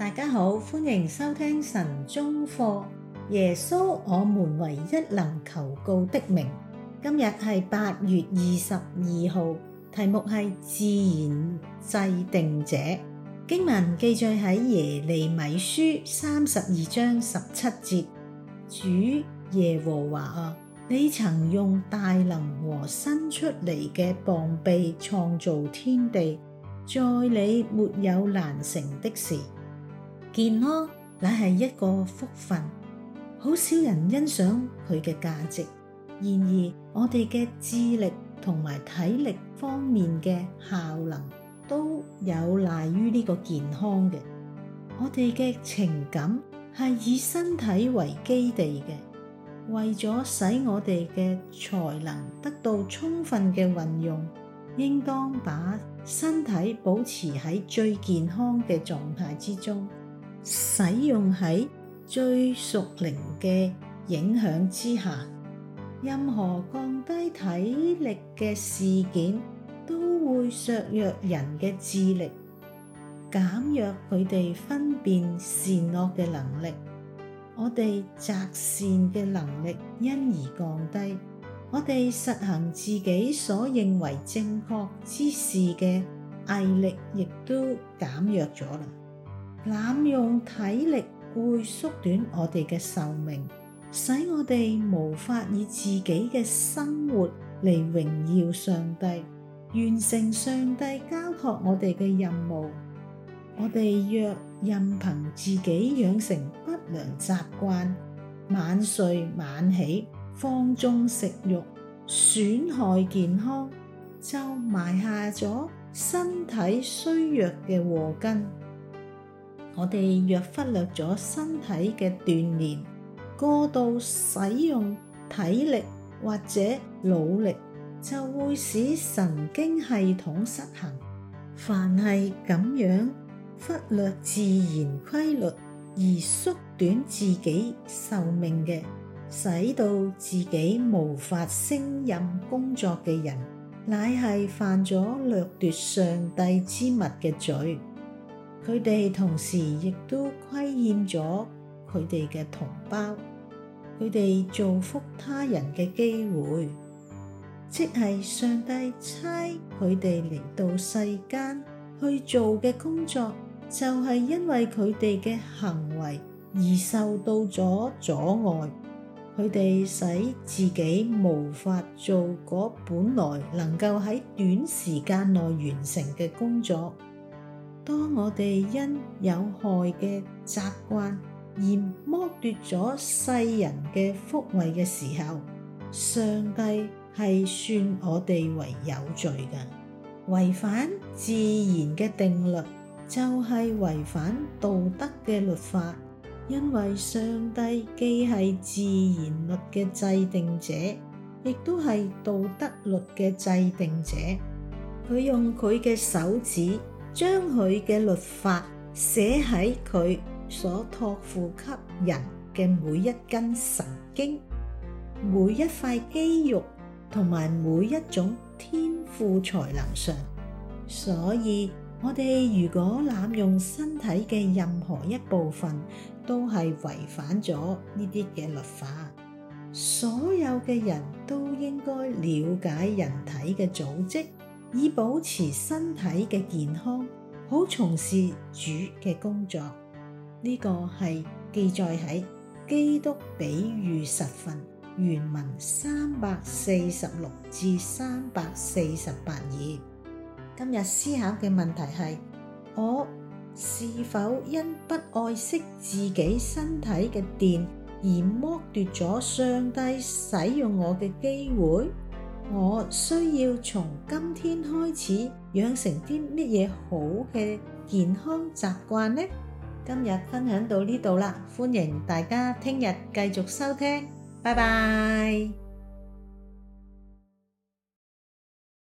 大家好，歡迎收聽晨鐘課。耶穌，我們唯一能求告的名。今日係八月二十二號，題目係自然律的制訂者。經文記載喺耶利米書三十二章十七節，主耶和華啊，你曾用大能和伸出嚟嘅膀臂創造天地，在你沒有難成的事。健康乃係一個福分，好少人欣賞佢嘅價值。然而，我哋嘅智力同埋體力方面嘅效能都有賴於呢個健康嘅。我哋嘅情感係以身體為基地嘅，為咗使我哋嘅才能得到充分嘅運用，應當把身體保持喺最健康嘅狀態之中。使用喺最屬靈嘅影響之下，任何降低體力嘅事件都會削弱人嘅智力，減弱佢哋分辨善惡嘅能力。我哋擇善嘅能力因而降低，我哋實行自己所認為正確之事嘅毅力亦都減弱咗啦。濫用體力會縮短我哋嘅壽命，使我哋無法以自己嘅生活嚟榮耀上帝，完成上帝交託我哋嘅任務。我哋若任憑自己養成不良習慣，晚睡晚起，放縱食欲，損害健康，就埋下咗身體衰弱嘅禍根。我哋若忽略咗身體嘅鍛煉，過度使用體力或者腦力，就會使神經系統失衡。凡係咁樣忽略自然規律而縮短自己壽命嘅，使到自己無法升任工作嘅人，乃係犯咗掠奪上帝之物嘅罪。佢哋同時亦都虧欠咗佢哋嘅同胞，佢哋造福他人嘅機會，即係上帝差佢哋嚟到世間去做嘅工作，就係因為佢哋嘅行為而受到咗阻礙，佢哋使自己無法做嗰本來能夠喺短時間內完成嘅工作。當我哋因有害嘅習慣而剝奪咗世人嘅福位嘅時候，上帝係算我哋為有罪㗎，違反自然嘅定律就係違反道德嘅律法，因為上帝既係自然律嘅制定者，亦都係道德律嘅制定者，佢用佢嘅手指。將佢嘅律法寫喺佢所託付給人嘅每一根神經、每一塊肌肉同埋每一種天賦才能上，所以我哋如果濫用身體嘅任何一部分，都係違反咗呢啲嘅律法。所有嘅人都應該了解人體嘅組織。以保持身體嘅健康，好從事主嘅工作。呢、這個係記載喺《基督比喻實訓》原文三百四十六至三百四十八頁。今日思考嘅問題係：我是否因不愛惜自己身體嘅電，而剝奪咗上帝使用我嘅機會？我需要從今天開始養成啲乜嘢好嘅健康習慣呢？今日分享到呢度啦，歡迎大家聽日繼續收聽，拜拜。